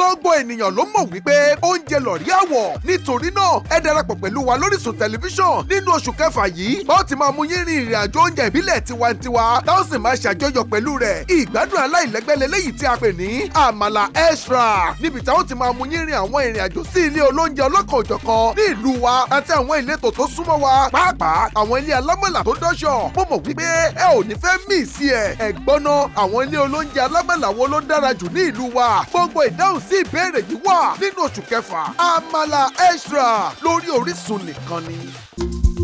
gbogbo ènìyàn ló mọ̀ wípé oúnjẹ lọ̀rí àwọ̀ nítorí náà ẹ darapọ̀ pẹ̀lú wa lóríṣun tẹlifíṣàn nínú oṣù kẹfà yìí bá ó ti máa mú yín rin ìrìn àjò oúnjẹ ìbílẹ̀ tiwantiwa tá ó sì máa ṣàjọyọ̀ pẹ̀lú rẹ̀ ìgbádùn aláìlẹ́gbẹ́ lélẹ́yìí tí a pè ní àmàlà extra níbi tá ó ti máa mú yín rin àwọn ìrìn àjò sí ilé olóúnjẹ ọlọ́kan-ò-jọ̀kan ní ìlú wa àti àwọn ìletò tó súnmọ́ wa pàápàá àwọn ilé alámọ̀là tó dọ́ṣọ̀ mo mọ̀ wípé ẹ ò ní fẹ́ mí sí ẹ̀ ẹ̀gbọ́n náà àwọn ilé olóúnjẹ alámọ̀là wo ló dára jù ní ìlú wa gbogbo ìdáhùn sí ìbéèrè yìí wà nínú oṣù kẹfà àmàlà extra lórí Orísun nìkan ni.